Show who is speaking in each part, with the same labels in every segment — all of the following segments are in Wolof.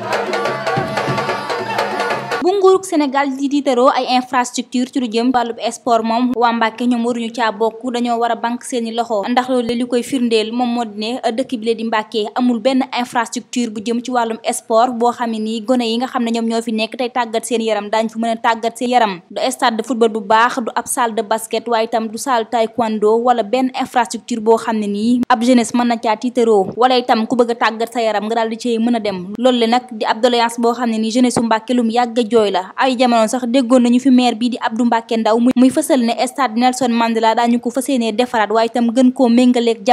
Speaker 1: Thank you. nguurug Sénégal di tiitaroo ay infrastructure ci lu jëm wàllub sport moom waa Mbàkke ñoom waruñu caa bokk dañoo war a banque seeni loxo ndax loolu li koy firndeel moom moo di ne dëkk bi la di Mbàkke amul benn infrastructure bu jëm ci wàllum sport boo xam ne nii gone yi nga xam ne ñoom ñoo fi nekk tey tàggat seen yaram dañ fi mën a tàggat seen yaram du stade de football bu baax du ab salle de basket waaye itam du salle taekwondo wala benn infrastructure boo xam ne nii ab jeunesse mën na caa tiitaroo wala itam ku bëgg tàggat sa yaram nga daal di cee mën a dem yooyu la ay jamono sax déggoon nañu fi maire bii di Abdou Mbacké Ndaw muy fësal ne stade Nelson Mandela daañu ko fas defaraat waaye itam gën koo méngaleeg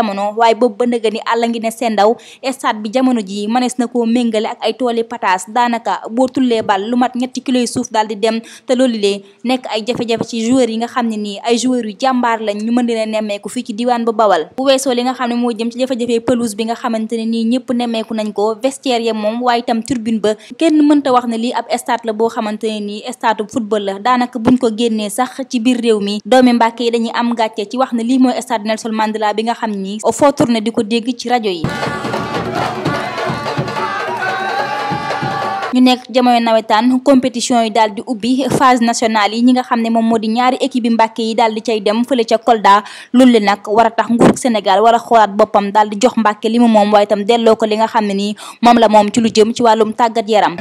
Speaker 1: ba ndëgë ni àlla ngi ne sendaw stade bi jamono ji mënees na koo méngale ak ay tooli pataas daanaka boo tullee bal lu mat ñetti kilos suuf daal di dem te loolu lee nekk ay jafe-jafe ci joueurs yi nga xam ne nii ay joueurs yu jàmbaar lañ mën di nemmeeku fii ci diwaan ba Bawal bu weesoo li nga xam ne moo jëm ci jafe-jafe pelouse bi nga xamante ne nii ñëpp nemmeeku nañ ko vestiaire xamante ne nii staatu football la daanaka buñ ko génnee sax ci biir réew mi doomi Mbàkke yi dañuy am gàcce ci wax ne lii mooy stade Nelson Mandela bi nga xam ni foo tourné di ko dégg ci rajo yi ñu nekk jamono nawetaan compétition yi daal di ubbi phase nationale yi ñi nga xam ne moom moo di ñaari équipe yi Mbàkke yi daal di cay dem fële ca Kolda lu li nag war a tax nguurug Sénégal war a xoolaat boppam daal di jox Mbàkke li mu moom waaye itam delloo ko li xam ne nii moom la moom ci lu jëm ci wàllum tàggat yaram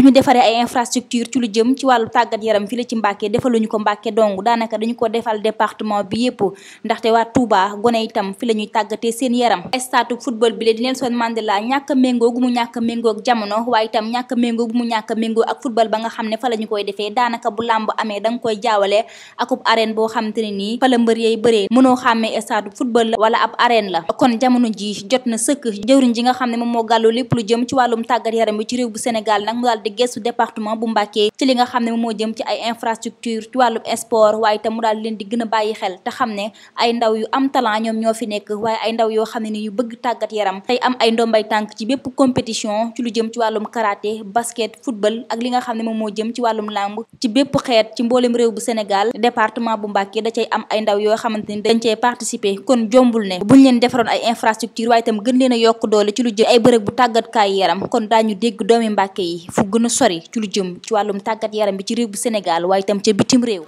Speaker 1: bu ñu defaree ay infrastructure ci lu jëm ci wàllu tàggat yaram fi la ci Mbàkke defaluñu ko Mbàkke dong daanaka dañu ko defal département bi yëpp ndaxte waa Touba gone itam fi la tàggatee seen yaram statu football bi la di Nelson Mandela ñàkk a méngoo gu mu ñàkk méngoo ak jamono waaye itam ñàkk a méngoo gu mu ñàkk a méngoo ak football ba nga xam ne fa la ñu koy defee daanaka bu làmb amee da nga koy jaawale ak ub arène boo xam te ne nii fa la mbër yey bëree mënoo xàmmee statu la wala ab arène la kon jamono ji jot na sëkk jëwriñ di gëstu département bu Mbacké ci li nga xam ne moo jëm ci ay infrastructure ci wàllum sport waaye itam mu daal leen di gën a xel te xam ne ay ndaw yu am talent ñoom ñoo fi nekk waaye ay ndaw yoo xam ne ni yu bëgg tàggat yaram tey am ay ndombay tànk ci bépp compétition ci lu jëm ci wàllum karaté basket football ak li nga xam ne moom moo jëm ci wàllum làmb ci bépp xeet ci mboolem réew bu Sénégal département bu Mbacké da cay am ay ndaw yoo xamante ni dañ cay participer kon jombul ne buñ leen defaroon ay infrastructure waaye gën leen a yokk doole ci lu jëm ay bërëb bu tàggatkaay yaram kon daañu dégg doomi Mbacké yi fu gën a sori ci lu jëm ci wàllum tàggat yaram bi ci réew bu Sénégal waaye itam ca bitim réew